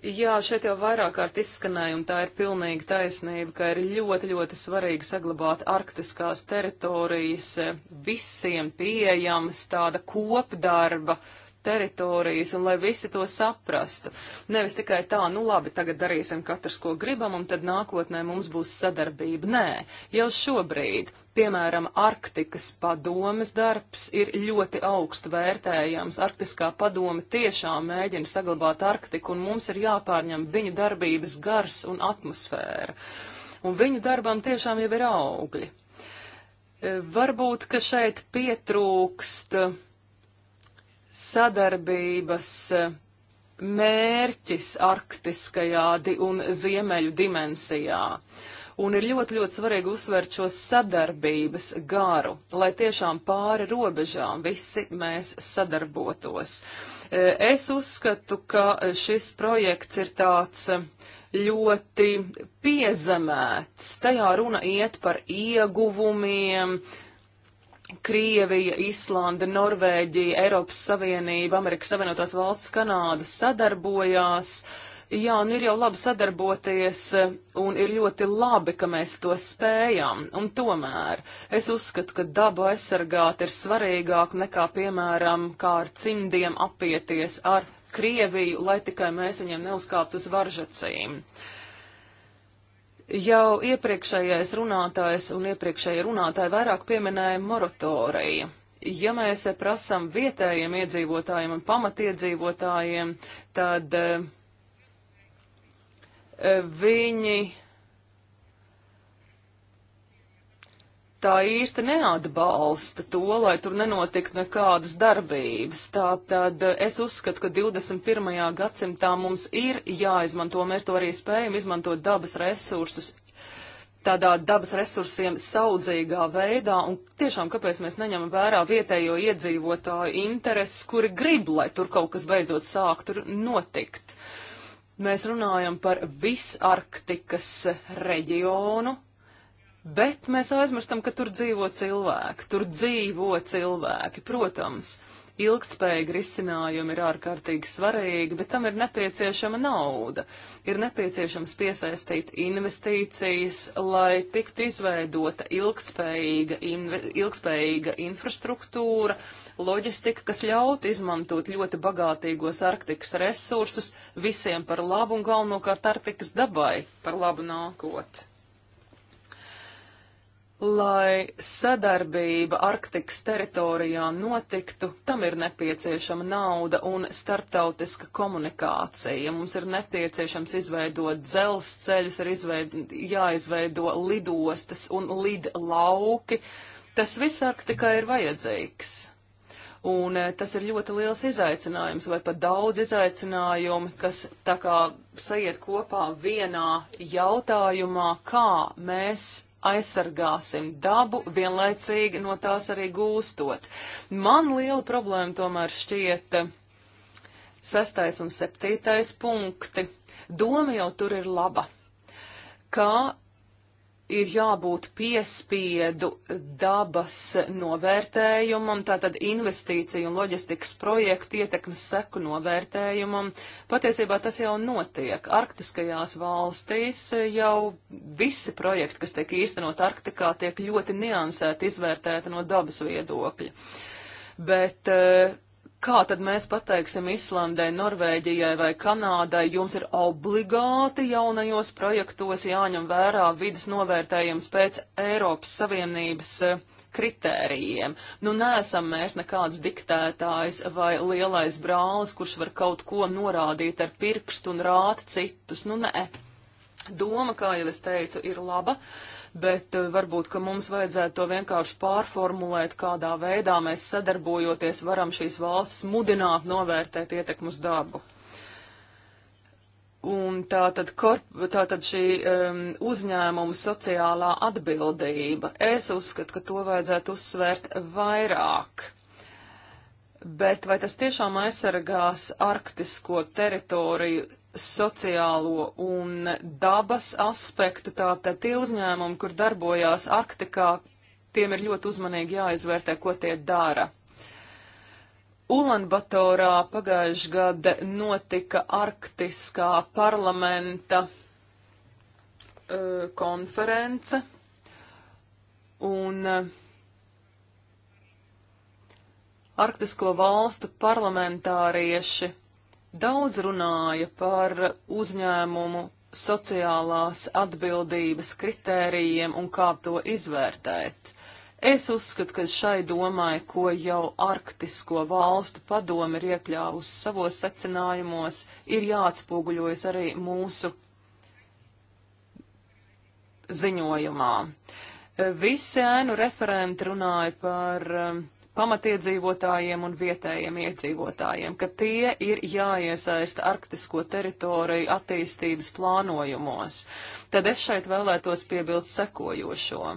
Jā, šeit jau vairāk kārt izskanēja, un tā ir pilnīga taisnība, ka ir ļoti, ļoti svarīgi saglabāt arktiskās teritorijas visiem pieejamas tāda kopdarba teritorijas, un lai visi to saprastu. Nevis tikai tā, nu labi, tagad darīsim katrs, ko gribam, un tad nākotnē mums būs sadarbība. Nē, jau šobrīd Piemēram, Arktikas padomes darbs ir ļoti augstu vērtējams. Arktiskā padome tiešām mēģina saglabāt Arktiku, un mums ir jāpārņem viņu darbības gars un atmosfēra. Un viņu darbam tiešām jau ir augļi. E, varbūt, ka šeit pietrūkst sadarbības e, mērķis arktiskajā di un ziemeļu dimensijā. Uh, Un ir ļoti, ļoti svarīgi uzsvērt šo sadarbības garu, lai tiešām pāri robežām visi mēs sadarbotos. E, es uzskatu, ka šis projekts ir tāds e, ļoti piezemēts. Tajā runa iet par ieguvumiem, Krievija, Islanda, Norvēģija, Eiropas Savienība, Amerikas Savienotās valsts, Kanāda sadarbojās. Uh, Jā, un nu ir jau labi sadarboties, un ir ļoti labi, ka mēs to spējam. Un tomēr es uzskatu, ka dabu aizsargāt ir svarīgāk nekā, piemēram, kā ar cimdiem apieties ar Krieviju, lai tikai mēs viņiem neuzkāptu uz varžacīm. Jau iepriekšējais runātājs un iepriekšējie runātāji vairāk pieminēja moratoriju ja mēs prasām vietējiem iedzīvotājiem un pamatiedzīvotājiem, tad eh, viņi tā īsti neatbalsta to, lai tur nenotiktu nekādas darbības. Tātad es uzskatu, ka 21. gadsimtā mums ir jāizmanto, mēs to arī spējam izmantot dabas resursus tādā dabas resursiem saudzīgā veidā, un tiešām kāpēc mēs neņemam vērā vietējo iedzīvotāju intereses, kuri grib, lai tur kaut kas beidzot sāktu notikt. Mēs runājam par visarktikas reģionu, bet mēs aizmirstam, ka tur dzīvo cilvēki, tur dzīvo cilvēki, protams. Ilgtspējīgi risinājumi ir ārkārtīgi svarīgi, bet tam ir nepieciešama nauda. Ir nepieciešams piesaistīt investīcijas, lai tiktu izveidota ilgtspējīga, inve, ilgtspējīga infrastruktūra, uh, loģistika, kas ļautu izmantot ļoti bagātīgos Arktikas resursus visiem par labu un galvenokārt Arktikas dabai par labu nākotni lai sadarbība Arktikas teritorijā notiktu, tam ir nepieciešama nauda un starptautiska komunikācija. Mums ir nepieciešams izveidot dzelzceļus, ir izveid, jāizveido lidostas un lidlauki. Tas viss Arktikā ir vajadzīgs. Un eh, tas ir ļoti liels izaicinājums, vai pat daudz izaicinājumu, kas tā kā sajiet kopā vienā jautājumā, kā mēs aizsargāsim dabu, vienlaicīgi no tās arī gūstot. Man liela problēma tomēr šķiet eh, sastais un septītais punkti. Doma jau tur ir laba. Kā ir jābūt piespiedu dabas novērtējumam, tātad investīciju un loģistikas projektu ietekmes seku novērtējumam. Patiesībā tas jau notiek. Arktiskajās valstīs jau visi projekti, kas tiek īstenot Arktikā, tiek ļoti niansēti izvērtēti no dabas viedokļa. Bet uh, Kā tad mēs pateiksim Islandē, Norvēģijai vai Kanādai, jums ir obligāti jaunajos projektos jāņem vērā vidas novērtējums pēc Eiropas Savienības eh, kritērijiem. Nu, nesam mēs nekāds diktētājs vai lielais brālis, kurš var kaut ko norādīt ar pirkstu un rāt citus. Nu, nē. Doma, kā jau es teicu, ir laba. Uh, bet eh, varbūt, ka mums vajadzētu to vienkārši pārformulēt, kādā veidā mēs sadarbojoties varam šīs valstis mudināt novērtēt ietekmus dabu. Un tā tad, korp, tā tad šī um, uzņēmuma sociālā atbildība. Es uzskatu, ka to vajadzētu uzsvērt vairāk. Bet vai tas tiešām aizsargās arktisko teritoriju sociālo un dabas aspektu, tātad tie uzņēmumi, kur darbojās Arktikā, tiem ir ļoti uzmanīgi jāizvērtē, ko tie dara. Ulanbatorā pagājuši gada notika Arktiskā parlamenta uh, konference, un uh, Arktisko valstu parlamentārieši daudz runāja par uzņēmumu sociālās atbildības kritērijiem un kā to izvērtēt. Es uzskatu, ka šai domai, ko jau Arktisko valstu padomi ir iekļāvusi savos secinājumos, ir jāatspoguļojas arī mūsu ziņojumā. Visi ēnu referenti runāja par um, pamatiedzīvotājiem un vietējiem iedzīvotājiem, ka tie ir jāiesaista arktisko teritoriju attīstības plānojumos, tad es šeit vēlētos piebilst sekojošo.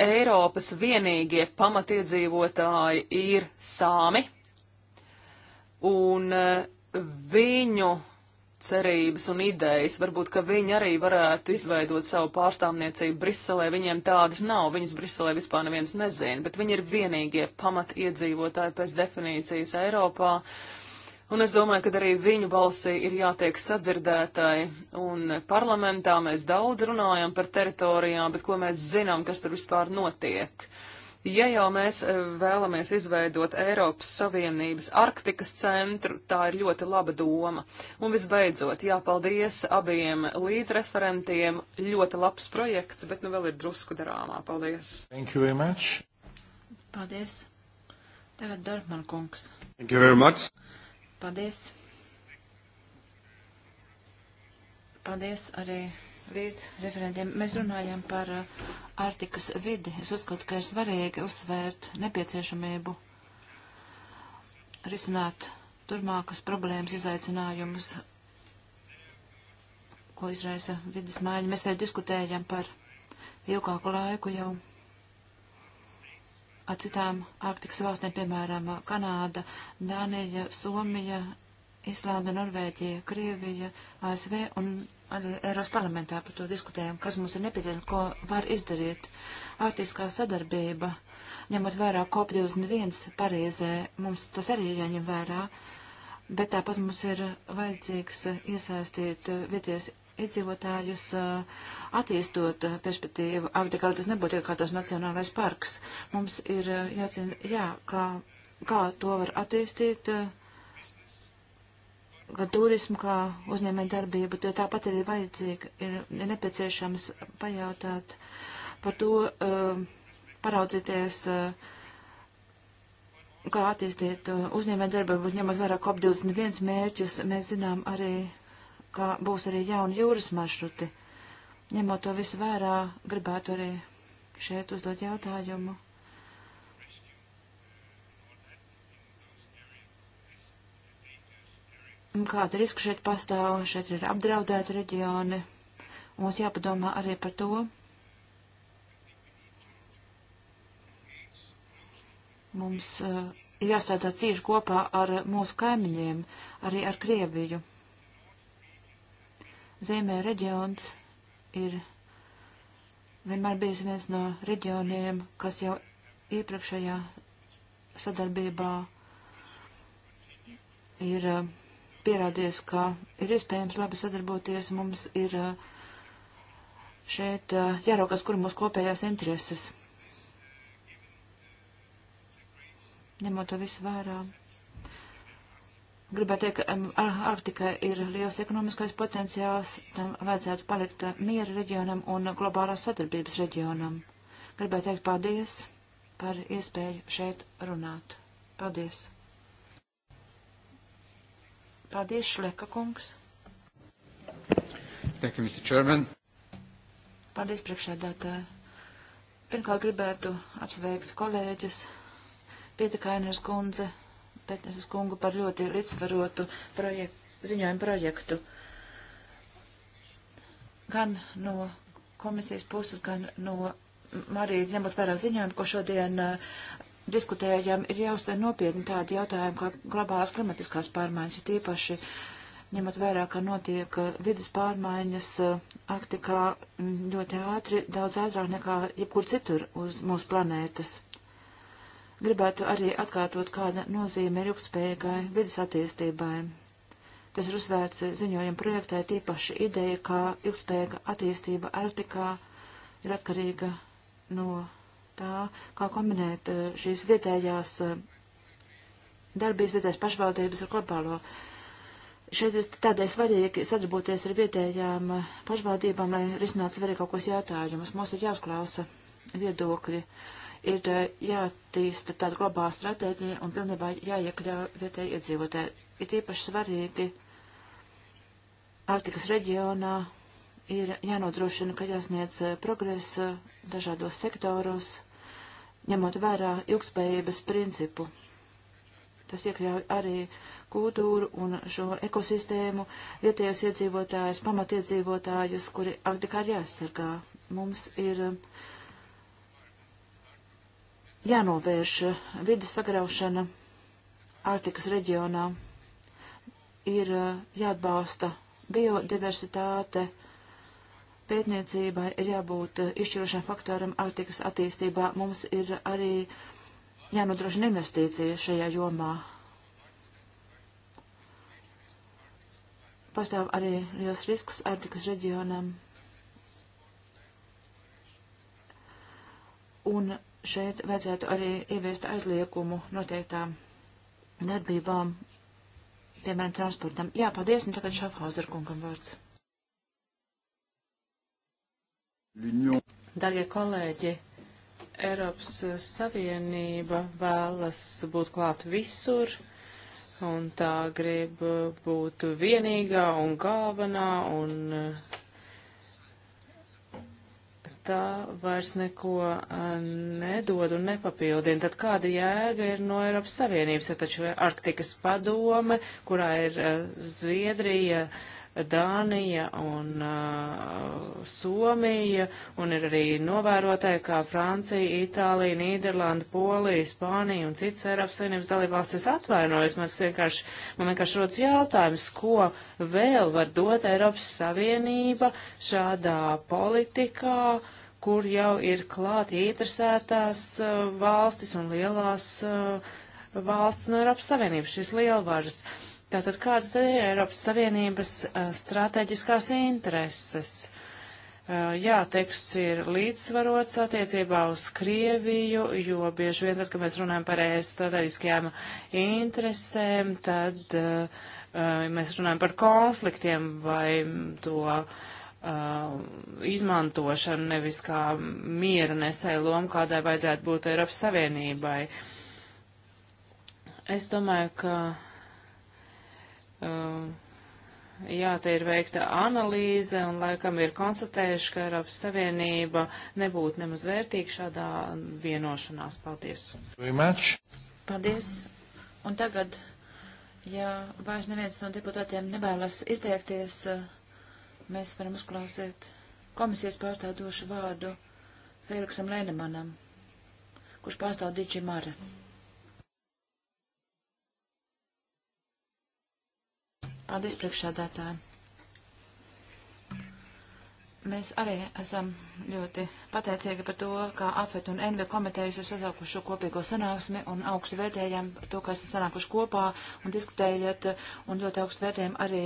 Eiropas vienīgie pamatiedzīvotāji ir sāmi, un eh, viņu cerības un idejas. Varbūt, ka viņi arī varētu izveidot savu pārstāvniecību Briselē. Viņiem tādas nav, viņas Briselē vispār neviens nezina, bet viņi ir vienīgie pamat iedzīvotāji pēc definīcijas Eiropā. Un es domāju, ka arī viņu balsī ir jātiek sadzirdētai. Un parlamentā mēs daudz runājam par teritorijām, bet ko mēs zinām, kas tur vispār notiek. Uh, Ja jau mēs e, vēlamies izveidot Eiropas Savienības Arktikas centru, tā ir ļoti laba doma. Un visbeidzot, jāpaldies abiem līdzreferentiem. Ļoti labs projekts, bet nu vēl ir drusku darāmā. Paldies! Thank you very much! Paldies! Tagad Dorfman kungs. Thank you very much! Paldies! Paldies arī līdz referentiem. Mēs runājam par ārtikas uh, vidi. Es uzskatu, ka ir svarīgi uzsvērt nepieciešamību risināt turmākas problēmas, izaicinājumus, ko izraisa vidas maiņa. Mēs arī diskutējam par ilgāku laiku jau ar citām Arktikas valstīm, piemēram, Kanāda, Dānija, Somija, Islanda, Norvēģija, Krievija, ASV un arī Eiros parlamentā par to diskutējam, kas mums ir nepieciešams, ko var izdarīt. Ārtiskā sadarbība, ņemot vērā COP21 Parīzē, mums tas arī ir jāņem vērā, bet tāpat mums ir vajadzīgs iesaistīt vieties iedzīvotājus attīstot perspektīvu. Afrikā tas nebūtu kā tas nacionālais parks. Mums ir jāzina, jā, kā, kā to var attīstīt. Uh, kā turismu, kā uzņēmē darbību, tad tāpat arī vajadzīga ir nepieciešams pajautāt par to, uh, paraudzīties, uh, kā attīstīt uh, eh, uzņēmē darbību, ņemot vērā COP21 mērķus, mēs zinām arī, ka būs arī jauni jūras maršruti. Ņemot to visu vērā, gribētu arī šeit uzdot jautājumu kāda riska šeit pastāv, šeit ir apdraudēti reģioni. Mums jāpadomā arī par to. Mums uh, jāstrādā cieši kopā ar mūsu kaimiņiem, arī ar Krieviju. Zemē reģions ir vienmēr bijis viens no reģioniem, kas jau iepriekšējā sadarbībā ir uh, pierādījis, ka ir iespējams labi sadarboties, mums ir eh, šeit eh, jāraukas, kur mūsu kopējās intereses. Ņemot to visu vērā. Gribētu teikt, ka Arktika ir liels ekonomiskais potenciāls, tam vajadzētu palikt eh, miera reģionam un globālās sadarbības reģionam. Gribētu teikt paldies par iespēju šeit runāt. Paldies! Paldies, Šleka kungs. Thank you, Mr. Chairman. Paldies, priekšsēdētāji. Pirmkārt gribētu apsveikt kolēģus Pietekainers kundze, Pētnes kungu par ļoti līdzsvarotu projektu, ziņojumu projektu. Gan no komisijas puses, gan no Marijas ņemot vērā ziņojumu, ko šodien uh, diskutējam, ir jāuzsver nopietni tādi jautājumi, kā globālās klimatiskās pārmaiņas, ir tīpaši ņemot vērā, ka notiek uh, vidas pārmaiņas uh, Arktikā mm, ļoti ātri, daudz ātrāk nekā jebkur citur uz mūsu planētas. Gribētu arī atkārtot, kāda nozīme ir ilgspējīgai vidas attīstībai. Tas ir uzsvērts ziņojuma projektā, tīpaši ideja, kā ilgspējīga attīstība Arktikā ir atkarīga no tā, kā kombinēt eh, šīs vietējās eh, darbības vietējās pašvaldības ar globālo. Šeit ir tādēļ svarīgi sadarboties ar vietējām eh, pašvaldībām, lai risinātu svarīgākos jautājumus. Mums ir jāuzklausa viedokļi, ir jātīsta tāda globāla stratēģija un pilnībā jāiekļauj vietēji iedzīvotāji. Ir īpaši svarīgi Arktikas reģionā ir jānodrošina, ka jāsniedz eh, progress eh, dažādos sektoros, ņemot vērā ilgspējības principu. Tas iekļauj arī kultūru un šo ekosistēmu, vietējos iedzīvotājus, pamatiedzīvotājus, kuri Arktikā ir jāsargā. Mums ir eh, jānovērš vidas sagraušana Arktikas reģionā, ir jāatbalsta biodiversitāte, uh, pētniecībai ir jābūt eh, izšķirošam faktoram Arktikas attīstībā. Mums ir arī jānodrošina investīcijas šajā jomā. Pastāv arī liels risks Arktikas reģionam. Un šeit vajadzētu arī ieviest aizliekumu noteiktām darbībām, piemēram, transportam. Jā, paldies, un tagad Šafhauser kungam vārds. Daļie kolēģi, Eiropas Savienība vēlas būt klāt visur, un tā grib būt vienīgā un galvenā, un eh, tā vairs neko eh, nedod un nepapildina. Tad kāda jēga ir no Eiropas Savienības? Ir taču Arktikas padome, kurā ir eh, Zviedrija, uh, Dānija un uh, Somija, un ir arī novērotāji kā Francija, Itālija, Nīderlanda, Polija, Spānija un citas Eiropas Savienības dalībvalstis atvainojas. Man vienkārši, man vienkārši rodas jautājums, ko vēl var dot Eiropas Savienība šādā politikā, kur jau ir klāt ieinteresētās uh, valstis un lielās uh, valsts no Eiropas Savienības, šīs lielvaras. Uh, Tātad kādas tad ir Eiropas Savienības uh, strateģiskās intereses? Uh, jā, teksts ir līdzsvarots attiecībā uz Krieviju, jo bieži vien tad, kad mēs runājam par ES strateģiskajām interesēm, tad uh, mēs runājam par konfliktiem vai to izmantošanu nevis kā miera nesēju lomu, kādai vajadzētu būt Eiropas Savienībai. Es domāju, ka uh, Um, jā, te ir veikta analīze un laikam ir konstatējuši, ka Eiropas Savienība nebūtu nemaz vērtīga šādā vienošanās. Paldies. Paldies. Un tagad, ja vairs neviens no deputātiem nevēlas izteikties, uh, mēs varam uzklausīt komisijas pārstāvdošu vārdu Feliksam Lēnemanam, kurš pārstāv Digi Mara. Mm. Paldies priekšsādātājiem. Mēs arī esam ļoti pateicīgi par to, kā AFET un NV komitejas ir sazaukuši šo kopīgo sanāksmi un augstu vērtējam to, ka esat sanākuši kopā un diskutējat un ļoti augstu vērtējam arī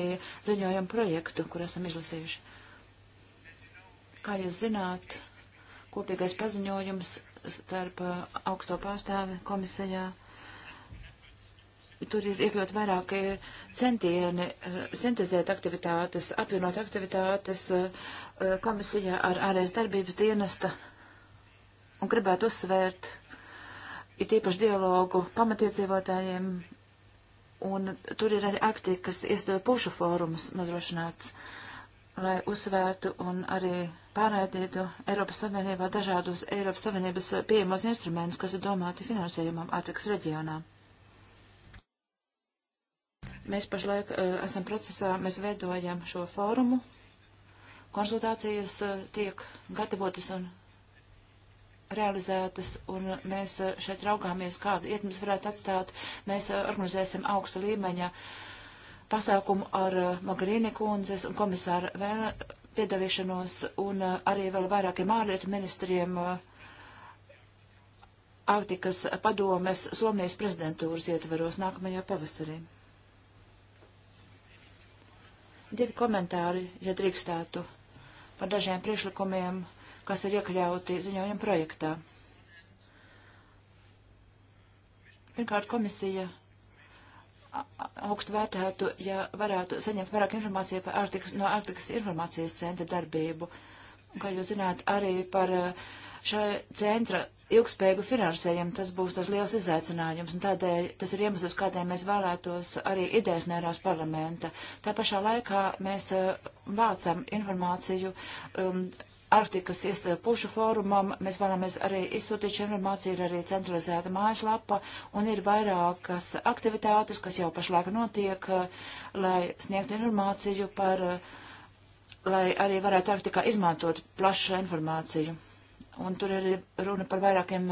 ziņojumu projektu, kur esam izlasījuši. Kā jūs zināt, kopīgais paziņojums starp augsto pārstāvi komisijā Tur ir iekļaut vairāk centieni eh, sintezēt aktivitātes, apvienot aktivitātes eh, komisijā ar ārējas darbības dienesta un gribētu uzsvērt it īpaši dialogu pamatiedzīvotājiem. Un tur ir arī aktīvi, kas iestāja pušu fórums nodrošināts, lai uzsvērtu un arī pārraidītu Eiropas Savienībā dažādus Eiropas Savienības pieejamos instrumentus, kas ir domāti finansējumam Ātikas reģionā. Mēs pašlaik uh, esam procesā, mēs veidojam šo fórumu. Konsultācijas uh, tiek gatavotas un realizētas, un mēs uh, šeit raugāmies, kādu ietmes varētu atstāt. Mēs uh, organizēsim augsta līmeņa pasākumu ar uh, Magarīni kundzes un komisāra vēl piedalīšanos, un uh, arī vēl vairākiem ārlietu ministriem. Uh, Arktikas padomes Somijas prezidentūras ietveros nākamajā pavasarī. Divi komentāri, ja drīkstētu, par dažiem priekšlikumiem, kas ir iekļauti ziņojuma projektā. Pirmkārt, komisija augstu vērtētu, ja varētu saņemt vairāk informāciju par Arktikas, no Arktikas informācijas centra darbību. Uh, kā jūs zināt, arī par eh, šā centra ilgspējīgu finansējumu. Tas būs tas liels izaicinājums, un tādēļ tas ir iemesls, kādēļ mēs vēlētos arī idejas nērās parlamenta. Tā pašā laikā mēs eh, vācam informāciju. Um, Arktikas pušu fórumam mēs vēlamies arī izsūtīt šo informāciju, ir arī centralizēta mājaslapa un ir vairākas aktivitātes, kas jau pašlaik notiek, eh, lai sniegtu informāciju par uh, lai arī varētu Arktikā izmantot plašu informāciju. Un tur ir runa par vairākiem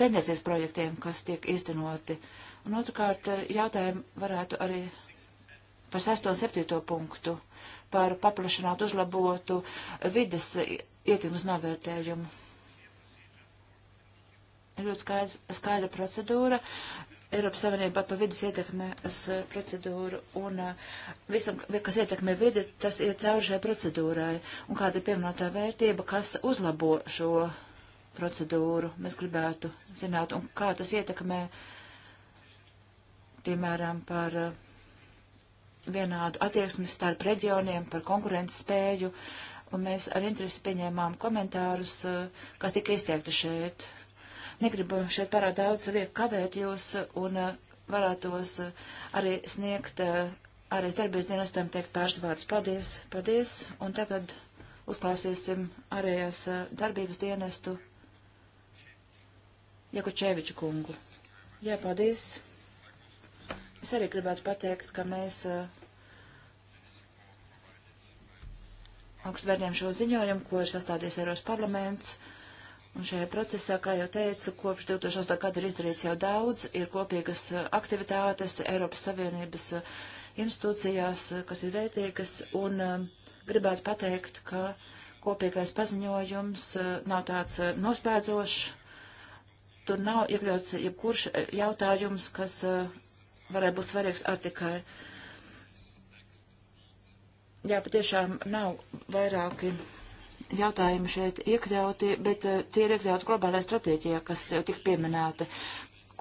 pēdniecības projektiem, kas tiek iztenoti. Un otrkārt, jautājumu varētu arī par 6. un 7. punktu, par paplašinātu uzlabotu vides ietekmes novērtējumu. Ir ļoti skaidra, skaidra procedūra, Eiropas Savienībā par vidas ietekmes eh, procedūru un eh, visam, kas ietekmē vidi, tas iet cauri šai procedūrai. Un kāda ir pievienotā vērtība, kas uzlabo šo procedūru, mēs gribētu zināt, un kā tas ietekmē, piemēram, par eh, vienādu attieksmi starp reģioniem, par konkurences spēju. Un mēs ar interesi pieņēmām komentārus, kas tika izteikti šeit Negribu šeit pārāk daudz lieku kavēt jūs un eh, varētos eh, arī sniegt eh, arī darbības dienestiem teikt pāris vārdus. Paldies, paldies, un tagad uzklausīsim ārējās darbības dienestu Jakučēviču kungu. Jā, paldies. Es arī gribētu pateikt, ka mēs augstu vērtējam šo ziņojumu, ko ir sastādījis Eiros parlaments. Un šajā procesā, kā jau teicu, kopš 2008. gada ir izdarīts jau daudz, ir kopīgas uh, aktivitātes Eiropas Savienības uh, institūcijās, uh, kas ir vērtīgas, un um, gribētu pateikt, ka kopīgais paziņojums nav tāds noslēdzošs. Tur nav iekļauts jebkurš jautājums, kas varētu būt svarīgs Atikai. Jā, patiešām nav vairāki jautājumi šeit iekļauti, bet eh, tie ir iekļauti globālajā stratēģijā, kas eh, tik pieminēta.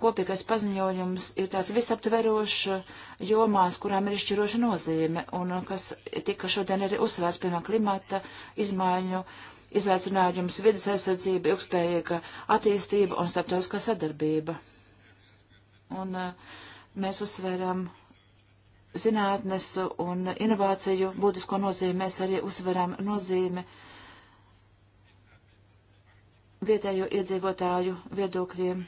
Kopīgais paziņojums ir tāds visaptverošs eh, jomās, kurām ir izšķiroša nozīme, un kas tika šodien arī uzsvērts, piemēram, klimata izmaiņu izaicinājums, vidas aizsardzība, ilgspējīga attīstība un starptautiskā sadarbība. Un mēs uzsveram zinātnes un inovāciju būtisko nozīmi, mēs arī uzsveram nozīmi uh, vietējo iedzīvotāju viedokļiem.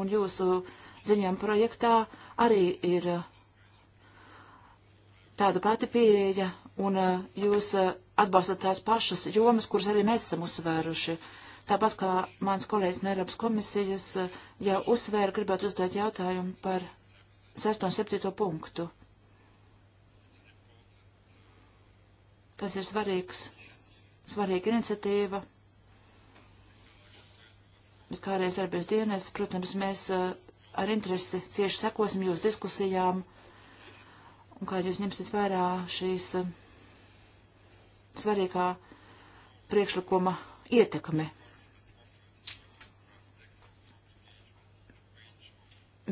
Un jūsu ziņām projektā arī ir uh, tāda pati pieeja, un uh, jūs uh, atbalstat tās pašas jomas, kuras arī mēs esam uzsvēruši. Tāpat kā mans kolēģis no Eiropas komisijas jau uzsvēra, gribētu uzdot jautājumu par 6. un 7. punktu. Tas ir svarīgs, svarīga iniciatīva jūs kā arī darbības dienas. Protams, mēs uh, ar interesi cieši sekosim jūsu diskusijām un kā jūs ņemsiet vērā šīs uh, svarīgā priekšlikuma ietekme.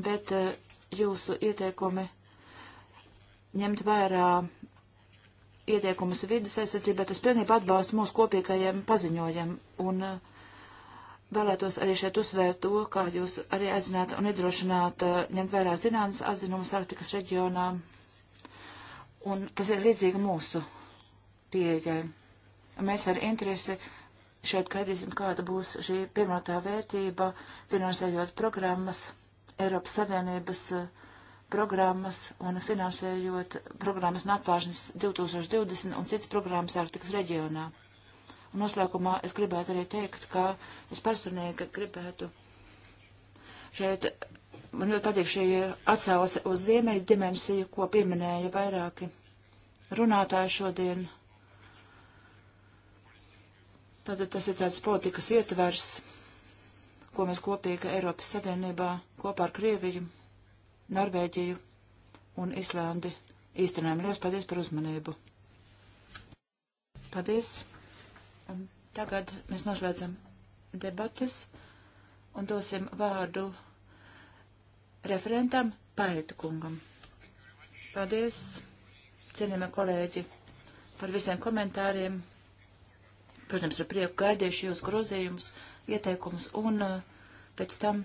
Bet uh, jūsu ieteikumi ņemt vērā ieteikumus vidas aizsardzībā, tas pilnībā atbalsta mūsu kopīgajiem paziņojiem. Un uh, vēlētos arī šeit uzsvērt to, kā jūs arī aicināt un iedrošināt eh, ņemt vērā zinātnes atzinumus Arktikas reģionā. Un tas ir līdzīgi mūsu pieejai. Mēs ar interesi šeit gaidīsim, kāda būs šī pirmotā vērtība, finansējot programmas, Eiropas Savienības eh, programmas un finansējot programmas un apvāršanas 2020 un citas programmas Arktikas reģionā. Un noslēgumā es gribētu arī teikt, ka es personīgi gribētu šeit, man ļoti patīk šī atsauce uz ziemeļu dimensiju, ko pieminēja vairāki runātāji šodien. Tātad tas ir tāds politikas ietvers, ko mēs kopīgi Eiropas Savienībā kopā ar Krieviju, Norvēģiju un Islandi īstenojam. Lielas paldies par uzmanību! Paldies! Tagad mēs noslēdzam debatas un dosim vārdu referentam Paēta kungam. Paldies, cienījamie kolēģi, par visiem komentāriem. Protams, ar prieku gaidīšu jūs grozījumus, ieteikumus un uh, pēc tam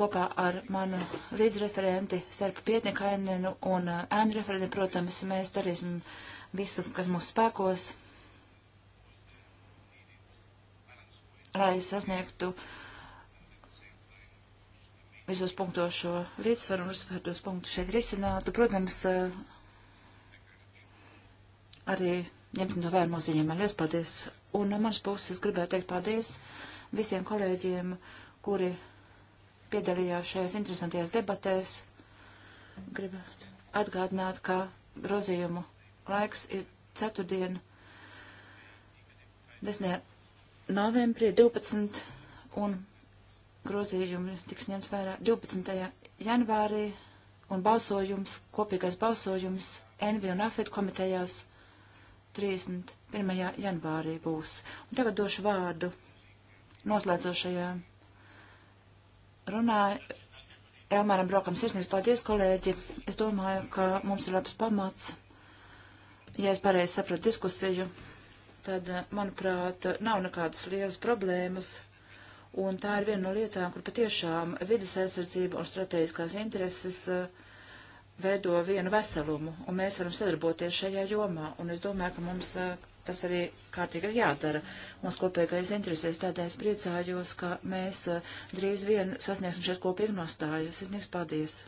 kopā ar manu līdzreferenti Serpu Pietnikainenu un uh, ēnu referenti, protams, mēs darīsim visu, kas mūsu spēkos, lai sasniegtu visos punktos šo līdzsvaru un uzsvērtos punktus šeit risinātu. Protams, eh, arī ņemt no vērā mūsu ziņām. Liels paldies! Un no manas puses gribētu teikt paldies visiem kolēģiem, kuri piedalījās šajās interesantajās debatēs. Gribētu atgādināt, ka grozījumu laiks ir ceturtdien, 10 novembrī 12 un grozījumi tiks ņemt vērā 12. janvārī un balsojums, kopīgais balsojums Envi un Afet komitejās 31. janvārī būs. Un tagad došu vārdu noslēdzošajā runā Elmāram Brokam sirsnīgs paldies, kolēģi. Es domāju, ka mums ir labs pamats, ja es pareizi sapratu diskusiju tad, eh, manuprāt, nav nekādas lielas problēmas. Un tā ir viena no lietām, kur patiešām vidas aizsardzība un strateģiskās intereses eh, veido vienu veselumu, un mēs varam sadarboties šajā jomā. Un es domāju, ka mums eh, tas arī kārtīgi ir jādara. Mums kopīgais interesēs tādēļ es priecājos, ka mēs drīz vien sasniegsim šeit kopīgu nostāju. Sasniegs paldies!